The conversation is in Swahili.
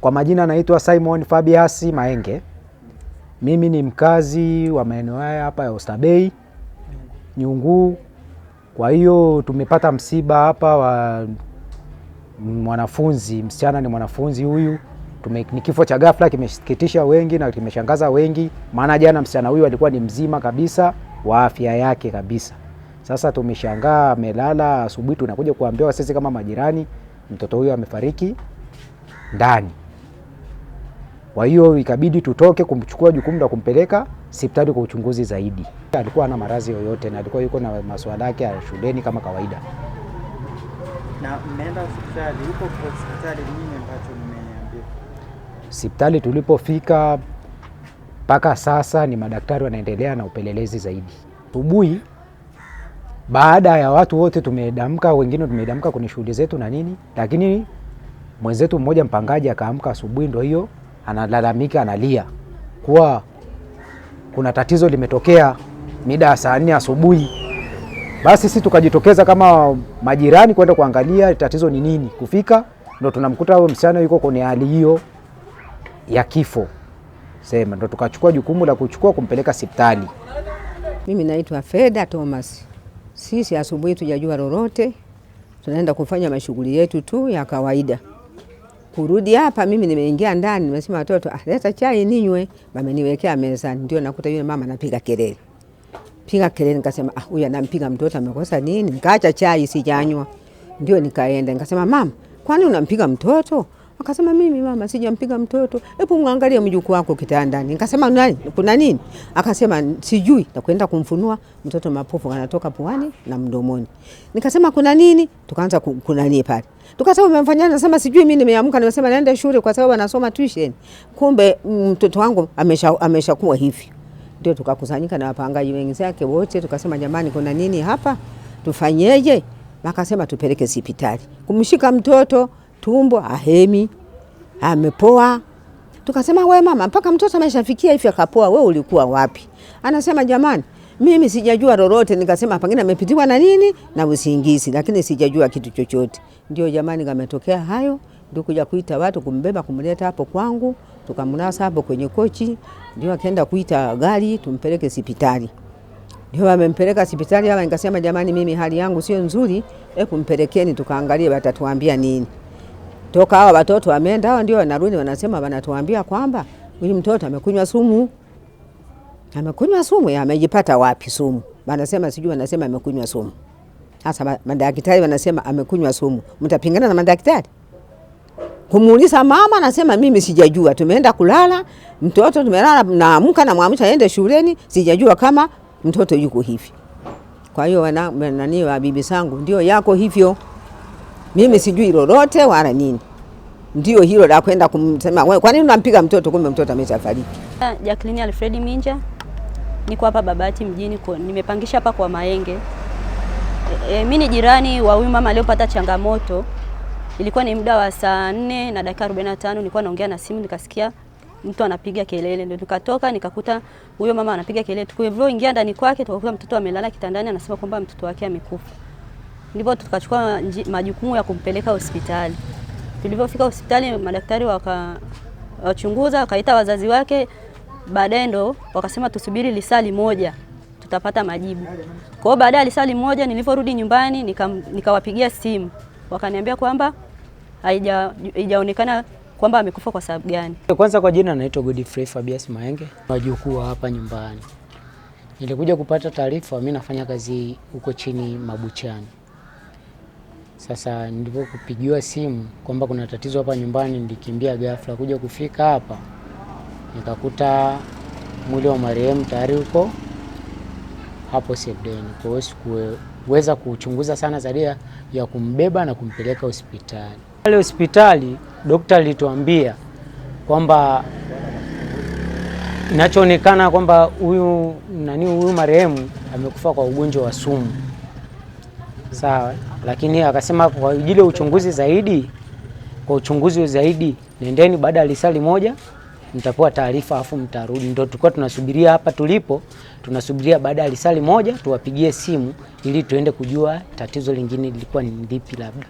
Kwa majina naitwa Simon Fabius Maenge. Mimi ni mkazi wa maeneo haya hapa ya Oysterbay Nyunguu. Kwa hiyo tumepata msiba hapa wa mwanafunzi, msichana ni mwanafunzi huyu tume, ni kifo cha ghafla, kimesikitisha wengi na kimeshangaza wengi, maana jana msichana huyu alikuwa ni mzima kabisa wa afya yake kabisa. Sasa tumeshangaa amelala, asubuhi tunakuja kuambiwa sisi kama majirani, mtoto huyu amefariki ndani kwa hiyo ikabidi tutoke kumchukua jukumu la kumpeleka sipitali kwa uchunguzi zaidi. Alikuwa ana maradhi yoyote na alikuwa yuko na masuala yake ya shuleni kama kawaida. Na mmeenda hospitali, huko hospitali nini ambacho mmeambiwa? Hospitali tulipofika mpaka sasa ni madaktari wanaendelea na upelelezi zaidi. Asubuhi baada ya watu wote tumedamka, wengine tumedamka kwenye shughuli zetu na nini, lakini mwenzetu mmoja mpangaji akaamka asubuhi, ndio hiyo analalamika, analia kuwa kuna tatizo limetokea mida ya saa nne asubuhi. Basi sisi tukajitokeza kama majirani kwenda kuangalia tatizo ni nini. Kufika ndo tunamkuta huyo msichana yuko kwenye hali hiyo ya kifo sema, ndo tukachukua jukumu la kuchukua kumpeleka hospitali. Mimi naitwa Feda Thomas. Sisi asubuhi tujajua lolote, tunaenda kufanya mashughuli yetu tu ya kawaida kurudi hapa mimi nimeingia ndani, nimesema watoto, ah, leta chai ninywe, wameniwekea mezani. Ndio nakuta yule mama anapiga kelele, piga kelele. Nikasema ah, huyu anampiga mtoto, amekosa nini? Nikaacha chai sijanywa, ndio nikaenda nikasema, mama, kwani unampiga mtoto? Akasema mimi mama, sijampiga mtoto, hebu mwangalie mjukuu wako kitandani. Nikasema nani, kuna nini? Akasema sijui, nakwenda kumfunua mtoto, mapofu anatoka puani na mdomoni. Nikasema kuna nini? Tukaanza kuna nini pale, tukasema umemfanyia. Nasema sijui, mimi nimeamka, nimesema naenda shule kwa sababu anasoma tuition, kumbe mm, mtoto wangu amesha ameshakuwa hivi. Ndio tukakusanyika na wapangaji wenzake wote, tukasema jamani, kuna nini hapa, tufanyeje? Akasema tupeleke hospitali. kumshika mtoto tumbo ahemi, amepoa. Tukasema we mama, mpaka mtoto ameshafikia hivi akapoa, we ulikuwa wapi? Anasema jamani, mimi sijajua lolote. Nikasema pengine amepitiwa na nini na usingizi, lakini sijajua kitu chochote. Ndio jamani, kametokea hayo ndio kuja kuita watu kumbeba kumleta hapo kwangu, tukamnasa hapo kwenye kochi. Ndio akaenda kuita gari tumpeleke hospitali, ndio amempeleka hospitali. hapa. nikasema jamani, mimi hali yangu sio nzuri, hebu mpelekeni tukaangalie watatuambia nini toka hawa watoto wameenda, hawa ndio wanarudi, wanasema wanatuambia kwamba huyu mtoto amekunywa sumu, amekunywa sumu. Amejipata wapi sumu? Wanasema sijui, wanasema amekunywa sumu. Sasa madaktari wanasema amekunywa sumu, mtapingana na madaktari? Kumuuliza mama, anasema mimi sijajua, tumeenda kulala mtoto, tumelala naamka, namwamsha aende shuleni, sijajua kama mtoto yuko hivi. Kwa hiyo wana, nani wa bibi sangu ndio yako hivyo mimi sijui lolote wala nini. Ndio hilo la kwenda kumsema wewe, kwa nini unampiga mtoto kumbe mtoto ameshafariki? Ah, Jacqueline Alfred Minja, niko hapa Babati mjini, nimepangisha hapa kwa Maenge. E, e, mimi ni jirani wa huyu mama aliyopata changamoto. Ilikuwa ni muda wa saa nne na dakika 45 nilikuwa naongea na simu nikasikia mtu anapiga kelele, ndio nikatoka nikakuta huyo mama anapiga kelele. Tulivyoingia ndani kwake tukakuta mtoto amelala kitandani, anasema kwamba mtoto wake amekufa ndipo tukachukua majukumu ya kumpeleka hospitali. Tulivyofika hospitali, madaktari wakawachunguza, wakaita wazazi wake, baadaye ndo wakasema tusubiri lisali moja tutapata majibu. Kwa hiyo baada ya lisali moja niliporudi nyumbani nikawapigia nika simu, wakaniambia kwamba haijaonekana kwamba amekufa kwa sababu gani. Kwanza kwa jina naitwa Godfrey Fabias Maenge, wajukuu hapa nyumbani. Nilikuja kupata taarifa, mimi nafanya kazi huko chini Mabuchani. Sasa kupigiwa simu kwamba kuna tatizo hapa nyumbani, nilikimbia ghafla kuja kufika hapa nikakuta mwili wa marehemu tayari uko hapo sebuleni. Kwa hiyo sikuweza kuchunguza sana zaidi ya kumbeba na kumpeleka hospitali. Pale hospitali daktari alituambia kwamba inachoonekana kwamba huyu nani, huyu marehemu amekufa kwa ugonjwa wa sumu. Sawa lakini akasema kwa ajili uchunguzi zaidi, kwa uchunguzi zaidi nendeni, baada ya lisali moja mtapewa taarifa afu mtarudi. Ndio tulikuwa tunasubiria hapa tulipo, tunasubiria baada ya lisali moja tuwapigie simu ili tuende kujua tatizo lingine lilikuwa ni lipi labda.